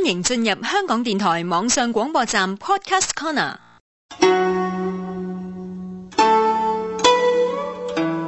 歡迎進入香港電台網上廣播站 Podcast Corner。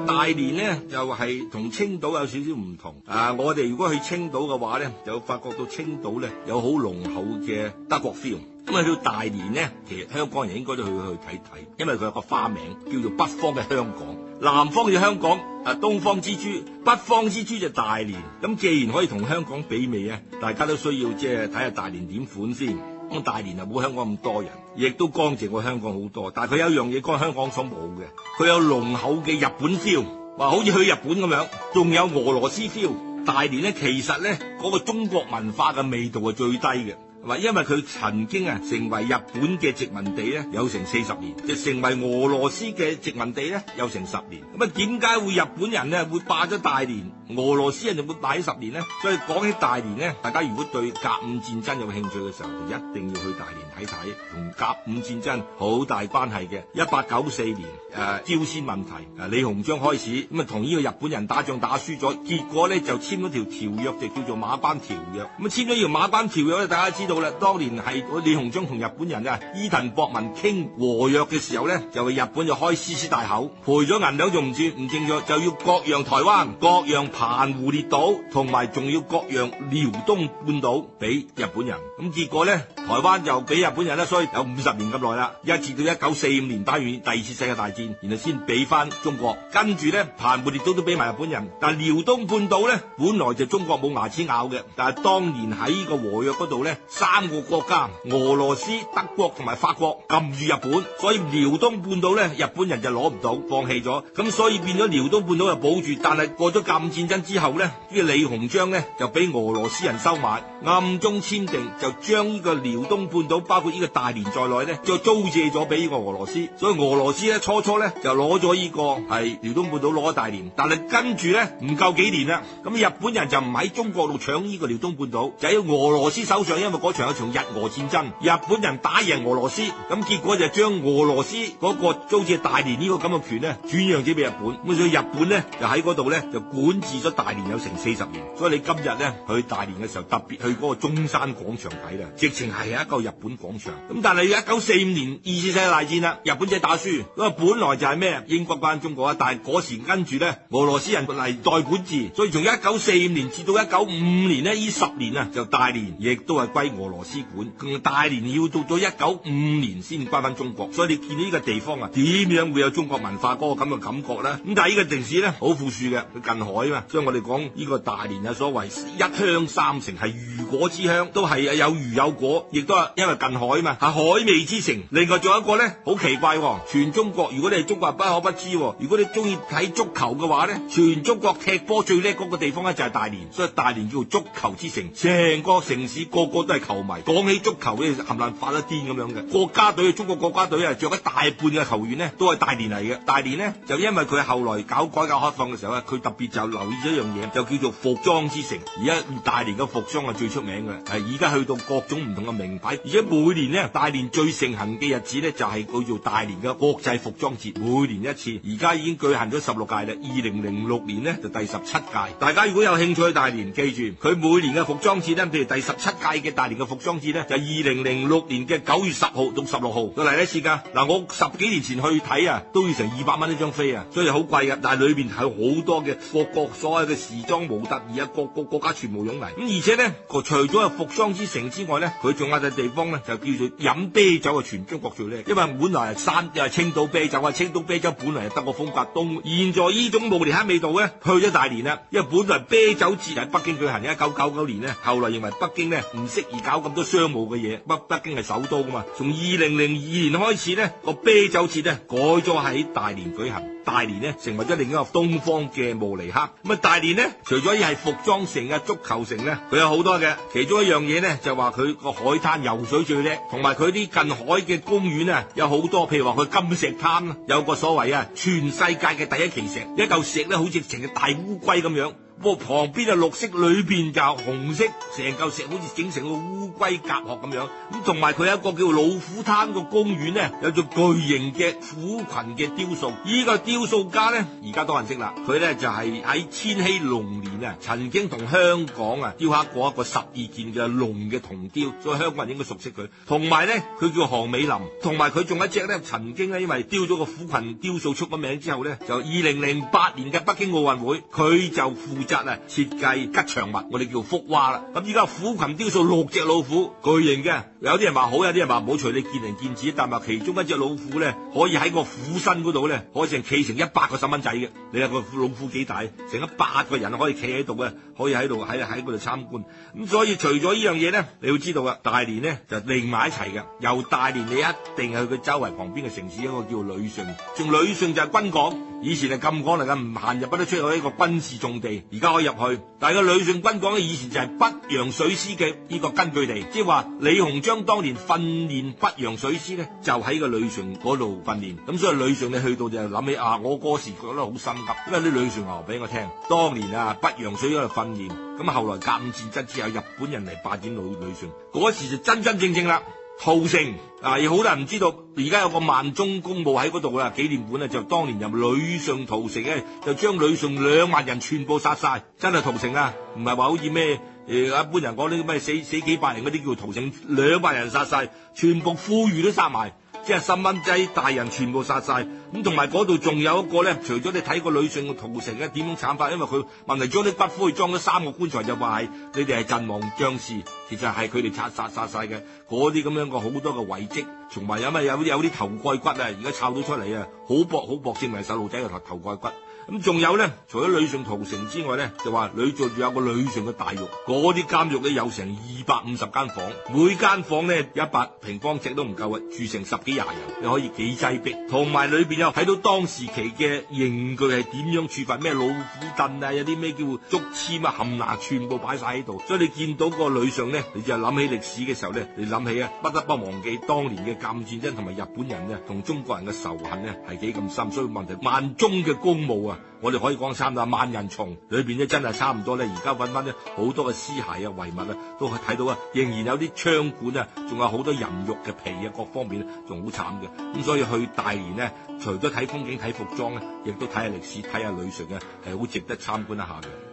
大連呢，又係同青島有少少唔同啊！我哋如果去青島嘅話呢，就發覺到青島呢有好濃厚嘅德國 feel。咁去到大連呢，其實香港人應該都去去睇睇，因為佢有個花名叫做北方嘅香港，南方嘅香港，啊東方之珠，北方之珠就大連。咁既然可以同香港比美啊，大家都需要即係睇下大連點款先。咁大連就冇香港咁多人，亦都乾淨過香港好多，但係佢有一樣嘢，干香港所冇嘅，佢有濃厚嘅日本 feel，話好似去日本咁樣，仲有俄羅斯 feel。大連呢，其實呢，嗰、那個中國文化嘅味道係最低嘅。因為佢曾經啊成為日本嘅殖民地咧，有成四十年；就成為俄羅斯嘅殖民地咧，有成十年。咁啊，點解會日本人咧會霸咗大連，俄羅斯人就會霸咗十年咧？所以講起大連咧，大家如果對甲午戰爭有興趣嘅時候，就一定要去大連睇睇，同甲午戰爭好大關係嘅。一八九四年誒、呃，朝鮮問題，李鴻章開始咁啊，同呢個日本人打仗打輸咗，結果咧就簽咗條條約，就叫做馬關條約。咁啊，簽咗條馬關條約咧，大家知道。到當年係李鴻章同日本人啊，伊藤博文傾和約嘅時候咧，就係日本就開獅子大口，賠咗銀兩仲唔算，唔正咗就要割讓台灣、割讓澎湖列島，同埋仲要割讓遼東半島俾日本人。咁結果咧，台灣就俾日本人啦，所以有五十年咁耐啦，一直到一九四五年打完第二次世界大戰，然後先俾翻中國。跟住咧，澎湖列島都俾埋日本人，但係遼東半島咧，本來就中國冇牙齒咬嘅，但係當年喺呢個和約嗰度咧，三個國家，俄羅斯、德國同埋法國禁住日本，所以遼東半島咧，日本人就攞唔到，放棄咗。咁所以變咗遼東半島就保住。但係過咗甲午戰爭之後呢，呢個李鴻章呢，就俾俄羅斯人收買，暗中簽訂就將呢個遼東半島，包括呢個大連在內呢，就租借咗俾呢個俄羅斯。所以俄羅斯咧初初咧就攞咗呢個係遼東半島攞咗大連，但係跟住呢，唔夠幾年啦，咁日本人就唔喺中國度搶呢個遼東半島，就喺俄羅斯手上，因為、那個長一場日俄戰爭，日本人打贏俄羅斯，咁結果就將俄羅斯嗰個租借大連呢個咁嘅權咧轉讓咗俾日本，咁所以日本咧就喺嗰度咧就管治咗大連有成四十年。所以你今日咧去大連嘅時候，特別去嗰個中山廣場睇啦，直情係一個日本廣場。咁但係一九四五年二次世界大戰啦，日本仔打輸，佢本來就係咩英國關中國啊，但係嗰時跟住咧俄羅斯人嚟代管治，所以從一九四五年至到一九五五年呢，呢十年啊就大連亦都係歸我。俄羅斯館，咁大連要到咗一九五年先歸翻中國，所以你見到呢個地方啊，點樣會有中國文化嗰個咁嘅感覺呢？咁但係呢個城市呢，好富庶嘅，佢近海嘛，所以我哋講呢個大連有所謂一鄉三城，係魚果之鄉，都係有魚有果，亦都係因為近海嘛，係海味之城。另外仲有一個呢，好奇怪、哦，全中國如果你係中國人不可不知、哦，如果你中意睇足球嘅話呢，全中國踢波最叻嗰個地方呢，就係大連，所以大連叫足球之城，成個城市個，個個都係。球迷講起足球，佢冚唪唥發一癲咁樣嘅國家隊，中國國家隊啊，著咗大半嘅球員呢都係大連嚟嘅。大連呢，就因為佢後來搞改革開放嘅時候咧，佢特別就留意咗一樣嘢，就叫做服裝之城。而家大連嘅服裝係最出名嘅，誒而家去到各種唔同嘅名牌，而且每年呢，大連最盛行嘅日子呢，就係叫做大連嘅國際服裝節，每年一次。而家已經舉行咗十六屆啦，二零零六年呢，就第十七屆。大家如果有興趣去大連，記住佢每年嘅服裝節呢，譬如第十七屆嘅大連嘅服裝節咧，就係二零零六年嘅九月十號到十六號，又嚟一次㗎。嗱，我十幾年前去睇啊，都要成二百蚊一張飛啊，所以好貴㗎。但係裏邊係好多嘅各國所有嘅時裝模特，而家各個國家全部湧嚟。咁而且咧，除咗有服裝之城之外咧，佢仲有一笪地方咧，就叫做飲啤酒嘅全中國最叻。因為本來係山又係青島啤酒啊，青島啤酒本嚟係德國風格東。現在呢種慕尼黑味道咧，去咗大連啦。因為本來啤酒節喺北京舉行，一九九九年咧，後來認為北京咧唔適宜。搞咁多商務嘅嘢，北、北京係首都噶嘛？從二零零二年開始咧，呢個啤酒節啊改咗喺大連舉行，大連咧成為咗另一個東方嘅慕尼黑。咁啊，大連咧除咗係服裝城啊、足球城咧，佢有好多嘅。其中一樣嘢咧就話佢個海灘游水最叻，同埋佢啲近海嘅公園啊有好多。譬如話佢金石灘啦，有個所謂啊全世界嘅第一奇石，一嚿石咧好似成隻大烏龜咁樣。個旁邊嘅綠色，裏面就紅色，成嚿石好似整成個烏龜甲殼咁樣。咁同埋佢有一個叫老虎灘嘅公園咧，有座巨型嘅虎群嘅雕塑。依、這個雕塑家咧，而家多人識啦。佢咧就係、是、喺千禧龍年啊，曾經同香港啊雕刻過一個十二件嘅龍嘅銅雕，所以香港人應該熟悉佢。同埋咧，佢叫何美林。同埋佢仲有一隻咧，曾經咧因為雕咗個虎群雕塑出咗名之後咧，就二零零八年嘅北京奧運會，佢就則啊設計吉祥物，我哋叫福娃啦。咁依家虎群雕塑六隻老虎，巨型嘅。有啲人話好，有啲人話唔好。隨你見仁見智，但係其中一隻老虎咧，可以喺個虎身嗰度咧，可以成企成一百個細蚊仔嘅。你睇個老虎幾大，成一百個人可以企喺度嘅，可以喺度喺喺度參觀。咁所以除咗呢樣嘢咧，你要知道啊，大連咧就連埋一齊嘅。由大連你一定係去佢周圍旁邊嘅城市一個叫旅順，仲旅順就係軍港，以前係禁港嚟噶，唔行入不得出去一個軍事重地。而家可以入去，但係個旅順軍港咧，以前就係北洋水師嘅呢個根據地，即係話李鴻章當年訓練北洋水師咧，就喺個旅順嗰度訓練。咁所以旅順你去到就諗起啊，我嗰時覺得好心急，因為啲旅順話俾我聽，當年啊北洋水喺度訓練，咁後來甲午戰爭之後，日本人嚟發展到旅順，嗰時就真真正正啦。屠城，屠，城屠城啊！有好多人唔知道，而家有個萬忠公墓喺嗰度啊，紀念館咧就當年任旅順屠城咧，就將旅順兩萬人全部殺晒，真係屠城啊！唔係話好似咩誒一般人講呢啲咩死死幾百人嗰啲叫屠城，兩萬人殺晒，全部婦孺都殺埋。即係細蚊仔大人全部殺晒，咁同埋嗰度仲有一個咧，除咗你睇過女性嘅屠城嘅點樣慘法，因為佢問題將啲骨灰裝咗三個棺材，就話係你哋係陣亡將士，其實係佢哋殺殺殺晒嘅，嗰啲咁樣個好多嘅遺跡，同埋有咩有有啲頭蓋骨啊，而家抄到出嚟啊，好薄好薄，證明細路仔嘅頭頭蓋骨。咁仲有咧，除咗旅順屠城之外咧，就話旅順仲有個旅順嘅大獄，啲監獄咧有成二百五十間房，每間房咧一百平方尺都唔夠啊，住成十幾廿人，你可以幾擠逼。同埋裏邊有睇到當時期嘅刑具係點樣處罰，咩老虎凳啊，有啲咩叫做竹籤啊、冚拿，全部擺晒喺度。所以你見到個旅順咧，你就諗起歷史嘅時候咧，你諗起啊，不得不忘記當年嘅甲午戰爭同埋日本人咧同中國人嘅仇恨咧係幾咁深，所以問題萬忠嘅公墓啊！我哋可以講三唔萬萬人從裏邊咧，真係差唔多咧。而家搵翻好多嘅屍骸啊、遺物啊，都睇到啊，仍然有啲槍管啊，仲有好多人肉嘅皮啊，各方面仲好慘嘅。咁所以去大連咧，除咗睇風景、睇服裝咧，亦都睇下歷史、睇下旅順嘅，係好值得參觀一下嘅。